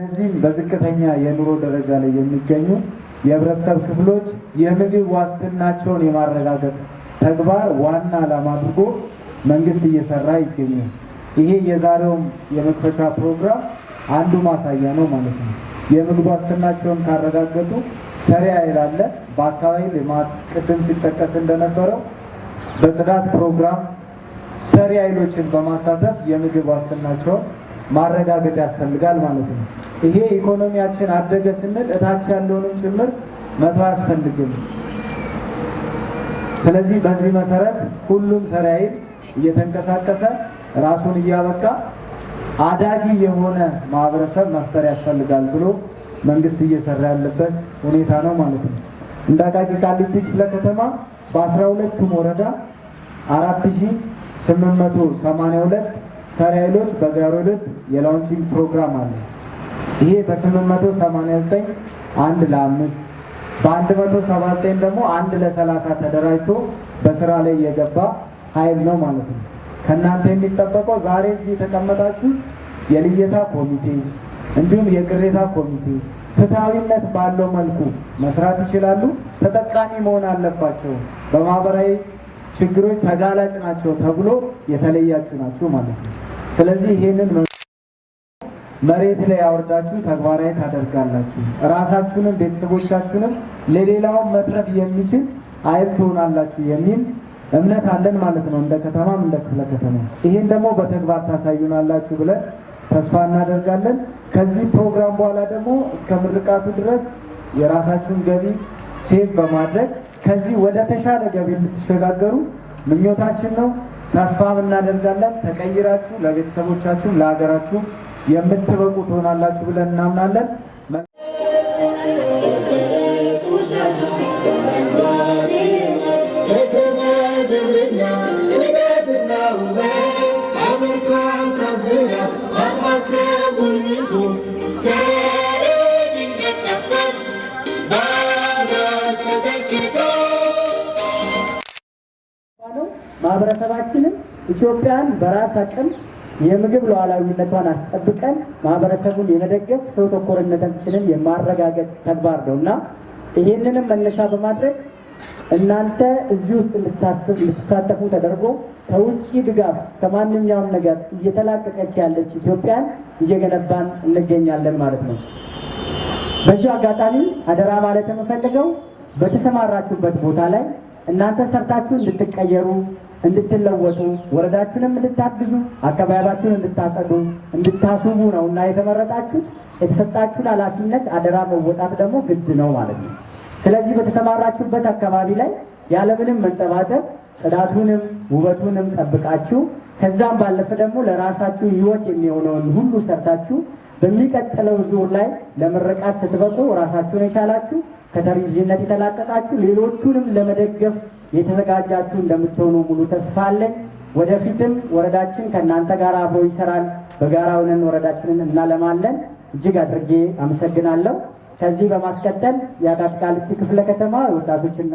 እነዚህም በዝቅተኛ የኑሮ ደረጃ ላይ የሚገኙ የህብረተሰብ ክፍሎች የምግብ ዋስትናቸውን የማረጋገጥ ተግባር ዋና ዓላማ አድርጎ መንግስት እየሰራ ይገኛል። ይሄ የዛሬውም የመክፈቻ ፕሮግራም አንዱ ማሳያ ነው ማለት ነው። የምግብ ዋስትናቸውን ካረጋገጡ ሰሪ አይላለ በአካባቢ ልማት ቅድም ሲጠቀስ እንደነበረው በጽዳት ፕሮግራም ሰሪ ኃይሎችን በማሳተፍ የምግብ ዋስትናቸውን ማረጋገጥ ያስፈልጋል ማለት ነው። ይሄ ኢኮኖሚያችን አደገ ስንል እታች ያለውንም ጭምር መቶ አያስፈልግም። ስለዚህ በዚህ መሰረት ሁሉም ሰራይን እየተንቀሳቀሰ ራሱን እያበቃ አዳጊ የሆነ ማህበረሰብ መፍጠር ያስፈልጋል ብሎ መንግስት እየሰራ ያለበት ሁኔታ ነው ማለት ነው። እንደ አቃቂ ቃሊቲ ክፍለ ከተማ በአስራ ሁለቱም ወረዳ አራት ሺህ ስምንት መቶ ሰማንያ ሁለት ሰሪያ ዕለት በዛሬው ዕለት የላውንቺንግ ፕሮግራም አለ። ይሄ በ889 አንድ ለአምስት በ179 ደግሞ አንድ ለሰላሳ ተደራጅቶ በስራ ላይ የገባ ኃይል ነው ማለት ነው። ከእናንተ የሚጠበቀው ዛሬ እዚህ የተቀመጣችሁ የልየታ ኮሚቴ እንዲሁም የቅሬታ ኮሚቴ ፍትሐዊነት ባለው መልኩ መስራት ይችላሉ። ተጠቃሚ መሆን አለባቸው። በማህበራዊ ችግሮች ተጋላጭ ናቸው ተብሎ የተለያችሁ ናቸው ማለት ነው። ስለዚህ ይሄንን መሬት ላይ አውርዳችሁ ተግባራዊ ታደርጋላችሁ። ራሳችሁንም ቤተሰቦቻችሁንም ለሌላውም መትረፍ የሚችል አይል ትሆናላችሁ የሚል እምነት አለን ማለት ነው። እንደ ከተማም እንደ ክፍለ ከተማ ይሄን ደግሞ በተግባር ታሳዩናላችሁ ብለን ተስፋ እናደርጋለን። ከዚህ ፕሮግራም በኋላ ደግሞ እስከ ምርቃቱ ድረስ የራሳችሁን ገቢ ሴቭ በማድረግ ከዚህ ወደ ተሻለ ገቢ እንድትሸጋገሩ ምኞታችን ነው። ተስፋ እናደርጋለን። ተቀይራችሁ ለቤተሰቦቻችሁ ለሀገራችሁ የምትበቁ ትሆናላችሁ ብለን እናምናለን። ማህበረሰባችንም ኢትዮጵያን በራስ አቅም የምግብ ሉዓላዊነቷን አስጠብቀን ማህበረሰቡን የመደገፍ ሰው ተኮርነታችንን የማረጋገጥ ተግባር ነው እና ይህንንም መነሻ በማድረግ እናንተ እዚህ ውስጥ እንድትሳተፉ ተደርጎ ከውጭ ድጋፍ ከማንኛውም ነገር እየተላቀቀች ያለች ኢትዮጵያን እየገነባን እንገኛለን ማለት ነው። በዚሁ አጋጣሚ አደራ ማለት የምፈልገው በተሰማራችሁበት ቦታ ላይ እናንተ ሰርታችሁ እንድትቀየሩ እንድትለወጡ ወረዳችሁንም እንድታግዙ አካባቢያችሁን እንድታጸዱ እንድታስቡ ነው እና የተመረጣችሁት። የተሰጣችሁን ኃላፊነት አደራ መወጣት ደግሞ ግድ ነው ማለት ነው። ስለዚህ በተሰማራችሁበት አካባቢ ላይ ያለምንም መንጠባጠብ ጽዳቱንም ውበቱንም ጠብቃችሁ ከዛም ባለፈ ደግሞ ለራሳችሁ ሕይወት የሚሆነውን ሁሉ ሰርታችሁ በሚቀጥለው ዙር ላይ ለምርቃት ስትበቁ ራሳችሁን የቻላችሁ ከተረጂነት የተላቀቃችሁ ሌሎቹንም ለመደገፍ የተዘጋጃችሁ እንደምትሆኑ ሙሉ ተስፋ አለን። ወደፊትም ወረዳችን ከእናንተ ጋር አብሮ ይሰራል። በጋራ ሆነን ወረዳችንን እናለማለን። እጅግ አድርጌ አመሰግናለሁ። ከዚህ በማስቀጠል የአቃቂ ቃሊቲ ክፍለ ከተማ ወጣቶችና